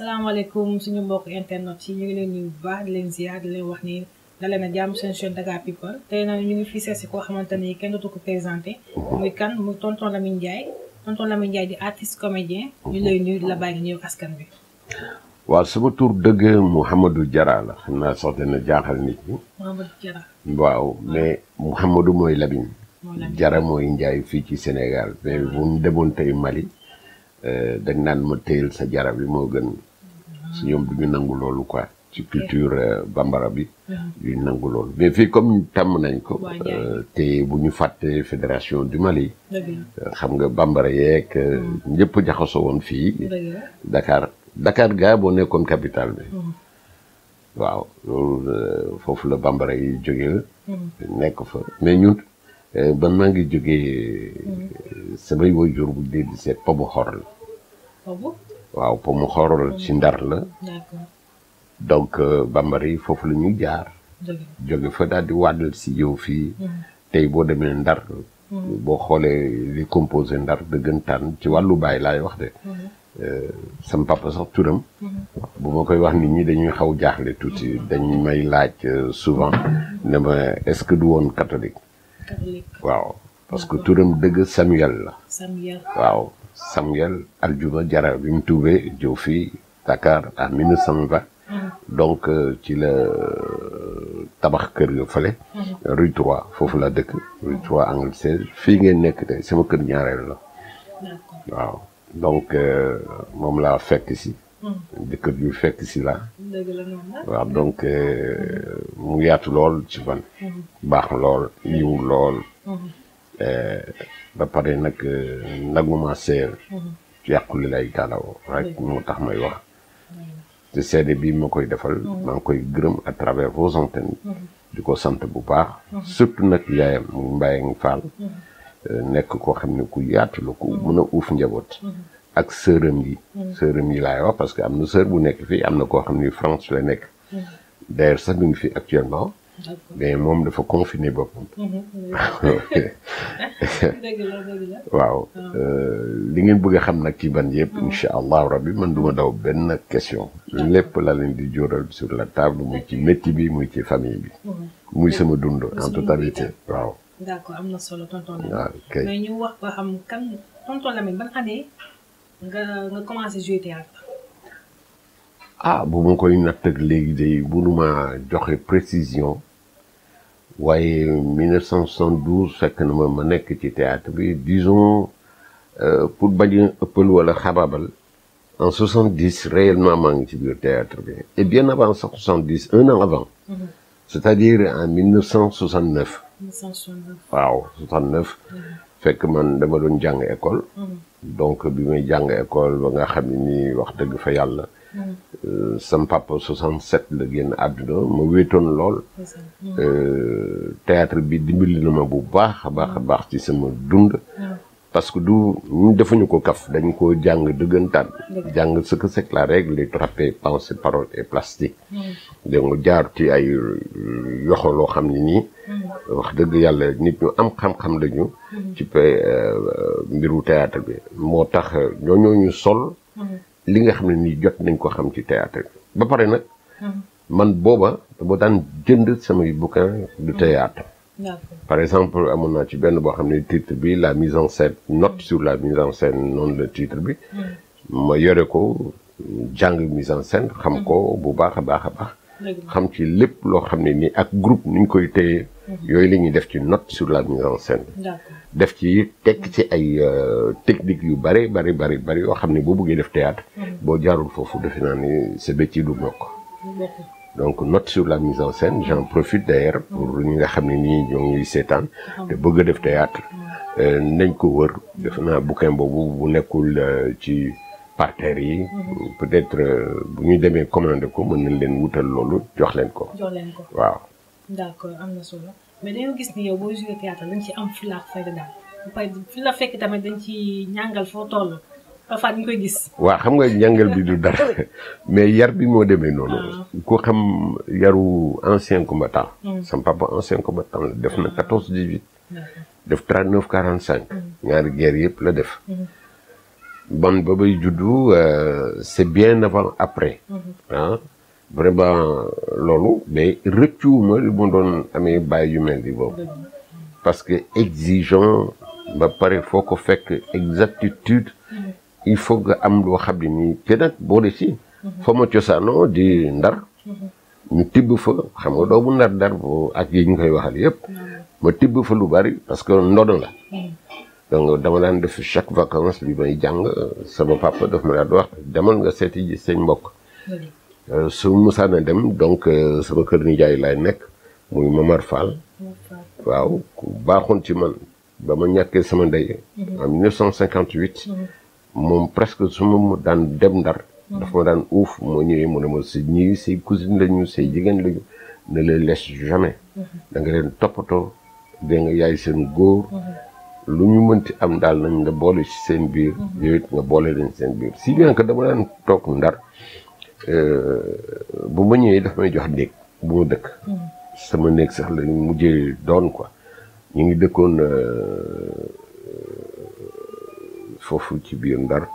salaamaaleykum suñu mbokk internet yi ñu ngi leen nuyu bu baax di leen ziar di leen wax ni dalee na jàmm seen chaîne Dakar People tey nag ñu ngi fi seesi koo xamante ni kenn dootu ko présenté muy kan muy tonton Lamine Ndiaye tonton Lamine Ndiaye di artiste comédien ñu lay nuyu la bàyyi nga ñëw askan bi waaw sama tur dëgg Mouhamadou Diarra la xam naa sax dana jaaxal nit ñi Mouhamadou Diarra waaw mais Mouhamadou mooy Lamine Diarra mooy Ndiaye fii ci Sénégal mais ah. bu ñu demoon tey Mali euh, dañ naan ma téyel sa jara bi moo gën si ñoom du nangu loolu quoi ci culture euh, bambara bi du ñu nangu loolu mais fii comme tàmm nañ ko euh, te bu ñu fàttee fédération du Mali euh, xam nga bambara yeeg mm. ñëpp jaxasoo woon fii Dakar Dakar gaa boo nekkoon capital bi mm. waaw foofu la bambara yi jógee mm. nekk fa mais ñun ban maa ngi jógee samay waajur bu dee di seet pabu xor la waaw mu xorol ci ndar la. donc euh, bambari foofu la ñuy jaar. jóge fa daal di waddal si yow fii. Hmm. tey boo demee ndar. Hmm. boo xoolee li composé ndar dëggantaan ci wàllu bàyyi laay wax de. Hmm. Euh, sam papa sax turam. bu ma koy wax nit ñi dañuy xaw jaaxle tuuti dañ may laaj euh, souvent ne ma est-ce que du woon katolik waaw parce que turam dëgg Samuel la. waaw. Samuel Aljuma Jara bi mu tuubee jëw fii Dakar en 1920 mm-hmm. donc euh, ci la euh, tabax kër ga fële mm-hmm. rue foofu la dëkk rue 3 angle fii ngeen nekk te sama kër ñaareel la donc euh, moom laa fekk si mm-hmm. dëkk bi fekk si la waaw donc mu yaatu lool ci fan baax lool yiw lool Eh, ba pare nag eh, naguma seer mm-hmm. yàquli lay taalaw rek mm-hmm. moo tax may wax mm-hmm. te seede bii ma koy defal maa koy gërëm à travers vos antennes di ko sant bu baax surtout nag yaayam mu Mbaye ngi Fall eh, nekk koo xam ne ku yaatu la ku mën a uuf njaboot ak sërëm yi sërëm yi laay wax parce que am na sër bu nekk fii am na koo xam ne France la nekk d'ailleurs sax mi ngi fi actuellement mais moom dafa confiner boppam. waaw. Ah. Euh, li ngeen bëgg a xam nag ci ban yëpp. Ah. incha allahu rabbi man duma ma daw benn question. lépp la leen di jóoral sur la table muy ci métti bi muy ci famille bi. muy sama dund en totalité waaw. na solo tonton Lamine. Ah, bu ma koy natt ak léegi day mënuma joxe précision. waaye 1972 fekk na ma ma nekk ci théâtre bi disons euh, pour bañ a wala xababal en 70 réellement maa ngi ci biir théâtre bi et bien avant 70 un an avant. Mhm. c'est-à-dire en 1969. Mhm. fekk man dama doon jàng école. Mhm. donc bi may jàng école ba nga xam ni wax dëgg fa yàlla. sam papa 67 la génn àdduna ma wéetoon lool. Euh, théâtre bi dimbali na ma bu baax a baax a baax ci sama dund. parce que du ñu defuñu ko kaf dañ ko jàng dëggantaan. jàng ce que c'est que la règle les trapé pensée parole et plastique. da jaar ci ay euh, yoxo loo xam ne nii. Hmm. wax dëgg yàlla nit ñu am xam-xam lañu. Hmm. ci euh, mbiru théâtre bi moo tax ñooñoo sol. Hmm. li nga xam ne nii jot nañ ko xam ci théâtre ba pare nag. man booba dama daan jënd samay bouquin de théâtre par exemple amoon naa ci benn boo xam ne titre bi la mise en scène not sur la mise en scène noonu la titre bi. Hmm. ma yore ko jàng mise en scène. xam hmm. ko bu baax a baax a baax. xam ci lépp loo xam ne nii ak groupe ni ñu koy téye. yooyu la ñuy def ci not sur la mise en scène. def ci tekk ci ay euh, technique yu bari bari bari bari yoo xam ne boo bëggee def théâtre mm. boo jaarul foofu defe naa ni sa métier du nokk donc note sur la mise en scène j'en profite d'ailleurs mm. pour nga xam ne nii ñoo ngi seetaan mm. te bëgg a def théâtre euh, nañ ko wër def naa bouquin boobu bu nekkul euh, ci parterres yi peut-être bu ñu demee commandé ko mën nañ leen wutal loolu jox leen ko waaw mais dañoo gis ni yow boo joué théâtre dañ ci am fulla ak fekk tamit dañ ci ñàngal foo toll parfois ñu koy gis. waaw xam nga njàngal bi du dara mais yar bi moo demee noonu. Ah. ku xam yaru ancien combattant. Hmm. sam papa ancien combattant la def na ah. quatorze dix huit. def trente neuf quarante cinq. Hmm. ñaari guerre yëpp la def. Hmm. bon ba bay juddu euh, c'est bien avant après. Ah. vraiment loolu mais rëccuwuma li mu doon amee bàyyi yu mel ni boobu parce que exigeant ba pare foo ko fekk exactitude mm. il faut nga am loo xam ne nii te nag boole si mm-hmm. foo ma cosaanoo di ndar mm-hmm. ñu tibb fa xam nga doomu ndar ndar bo ak yi ñu koy waxal yëpp mm. ma tibb fa lu bari parce que ndono la mm. donc dama daan def chaque vacance bi may jàng sama papa daf ma daan wax demal nga seeti ji seen mbokk Euh, su musaana dem donc euh, sama kër jaay laay nekk muy Mamar Fall waaw baaxoon ci man ba ma ñàkkee sama ndey mhm. en 1958 moom presque su ma daan dem ndar dafa ma daan uuf moo ñëwee mu ne ma si ñii say cousine lañu say jigéen lañu ne les laisse jamais mhm. da leen toppatoo dégg nga yaay seen góor mhm. lu ñu mënti am daal nañ nga boole ci seen biir yooyu it nga boole leen seen biir si bien que dama daan toog ndar Euh, bu ma ñëwee daf may jox néeg bu ma dëkk. sama néeg sax la mujjee doon ko ñu ngi dëkkoon euh, foofu ci biir Ndar.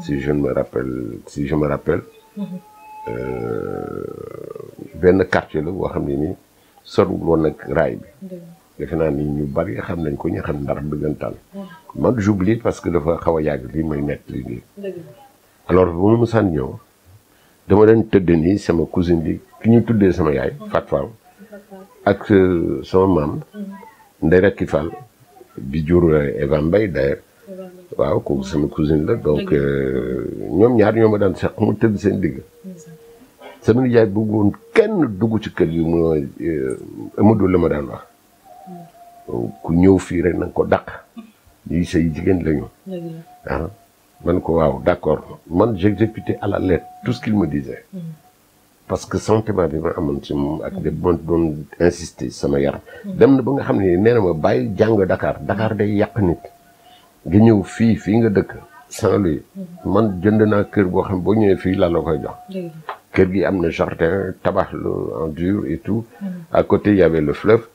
si je me rappelle si je euh, benn quartier la boo xam ne nii sorul woon ak raay bi. defe naa ni ñu bari xam nañ ko ñu xam Ndar dëggantaan. Mm. man j'oublie parce que dafa xaw a yàgg lii may nett lii. alors bu ma mësaan ñëw. dama doon tëdd nii sama cousine bi ki ñu tuddee sama yaay Fat Fall ak euh, sama maam Ndeye Racky Fall bi jur euh, Eva Mbaye d'ailleurs waaw kooku sama cousine la donc euh, ñoom ñaar ñoo ma daan sax mu tëdd seen digg sama nijaay bëggoon kenn dugg ci kër yi mu Amadou la ma daan wax mm. ku ñëw fii rek na nga ko dàq ñuy say jigéen lañu waaw man ko waaw d'accord man j'exécutais à la lettre tout ce qu'il me disait mm. parce que sentiment bi ma amoon ci moom ak mm. de bon doon insister sama yaram mm. dem na ba nga xam ne nee na ma bàyyi jàng Dakar Dakar day yàq nit gi ñëw fii fii nga dëkk saint man jënd naa kër boo xam boo ñëwee fii la koy jox kër gi am na jardin tabax lu en et tout à côté il y le fleuve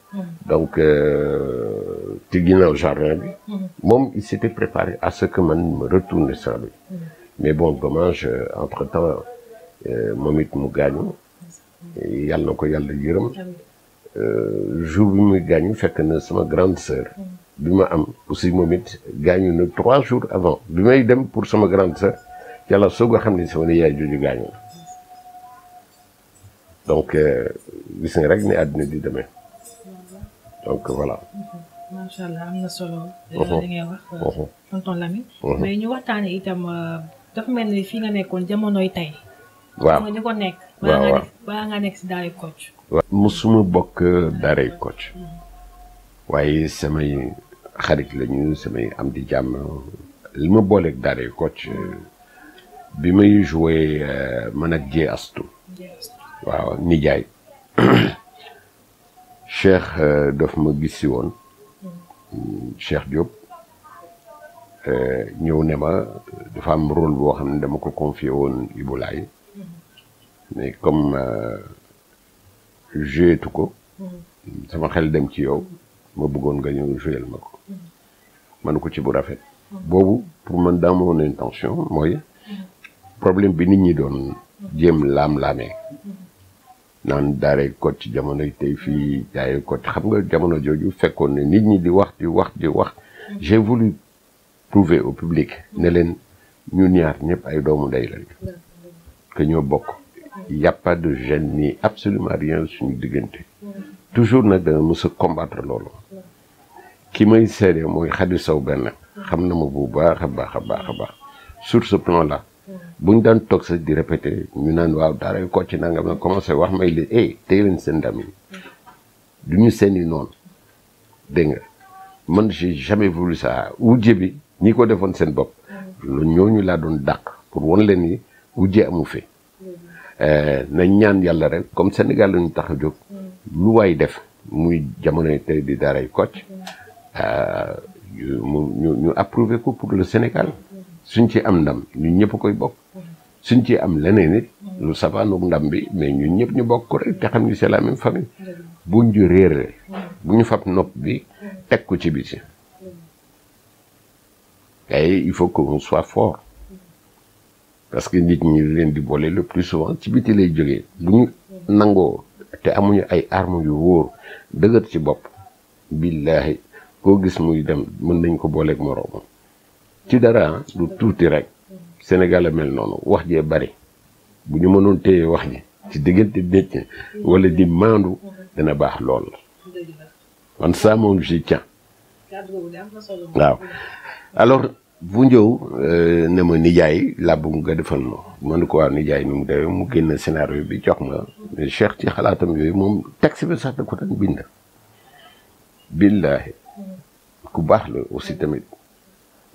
donc euh, ci ginnaaw jardin bi moom il s'était préparé à ce que man me retourne sans lui mais bon dommage entre temps euh, moom it mu gaañu yàlla na ko yàlla yërëm euh, jour bi muy gaañu fekk na sama grande sœur bi ma am aussi moom it gaañu na trois jours avant bi may dem pour sama grande sœur yàlla soo nga xam ne sama yaay jooju gaañu na donc euh, gis nga rek ni àddina di demee donc voilà macha allah am solo. li ngay euh, ñu waxtaanee itam euh, dafa mel ni fii nga nekkoon jamonoy tey. waaw nga nekk. waaw waaw balaa nga nekk si daaray Kocc. waaw musuma bokk euh, daaray Kocc. Mm. waaye samay xarit lañu samay am di jàmm li ma booleeg daaray Kocc bi may joué man ak Dieng Astou. nijaay Cheikh daf ma gis si woon. Cheikh Diop ñëw nema ma dafa am rôle boo xam ne dama ko confié woon Ibou Laye mais comme euh, jouetu ko sama xel dem ci yow ma bëggoon nga ñëw jouel ma ko man ko ci bu rafet boobu pour man dans mon intention mooy problème bi nit ñi doon jéem laam-laamee naan daaree kot ci jamono tey fii daaree kot xam nga jamono jooju fekkoon ne nit ñi di wax di wax di wax j'ai voulu prouver au public ne leen ñu ñaar ñëpp ay doomu ndey lañu que bokk y a pas de gêne ni absolument rien suñu diggante toujours nag dana mës a combattre loolu ki may seede mooy Khady saw benn xam na ma bu baax a baax a baax a baax sur ce plan la bu ñu daan toog sax di répété ñu naan waaw daara yu Kocc nga ma commencé wax may leen eh tey leen seen ndam yi du ñu seen noon noonu dégg nga man j'ai jamais voulu ça wujje bi ñi ko defoon seen bopp ñu laa doon daq pour won leen ni wujje amu fi eh, nañ ñaan yàlla rek comme Sénégal lañu tax a jóg lu waay def muy jamonoy tey di daaray Kocc ah, ñu ñu ñu approuvé ko pour le Sénégal. suñ ci am ndam ñun ñëpp koy bokk suñ ci am leneen it lu safaanoog ndam bi mais ñun ñëpp ñu bokk ko rek te xam ni c'est la même famille buñ ju réerle bu ñu fab nopp bi teg ko ci biti ay parce que nit ñi leen di boole le plus souvent ci biti lay jóge bu ñu nangoo te amuñu ay armes yu wóor dëgër ci bopp billaahi koo gis muy dem mën nañ ko booleek moroomam ci dara du tuuti rek Sénégal a mel noonu wax jee bari bu ñu mënoon téye wax ji ci diggante nit ñi wala di maandu dana baax lool man ça moom je tiens waaw alors bu njëw euh, ne ma nijaay laa bëgg nga defal ma mënu ko waaw nijaay nu mu demee mu génn scénario bi jox ma Cheikh ci xalaatam yooyu moom texte bi sax da ko daan bind billaahi ku baax la aussi tamit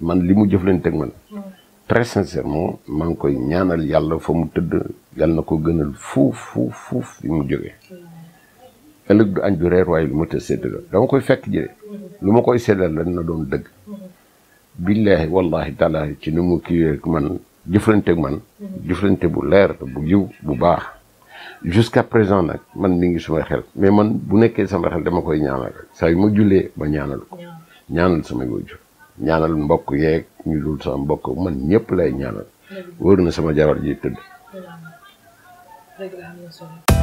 man li mu jëflante ak man mm. très sincèrement maa ngi koy ñaanal yàlla fa mu tëdd yàlla na ko gënal fuuf fuuf fuuf fi mu jógee mm. ëllëg du añ du reer waaye lu ma ta séddale dama koy fekk ji mm. lu ma koy séddale lan na doon dëgg billaahi wallahi taalaahi ci ni mu kii ak man jëflante man jëflante bu leer bu jiw bu baax jusqu'à présent nag man mi ngi suma xel mais man bu nekkee sama xel dama koy ñaanal saa yu ma jullee ba ñaanal ko ñaanal samay waajur ñaanal mbokk yeeg ñu dul sama mbokk man ñépp lay ñaanal wóor na sama jabar ji tëdd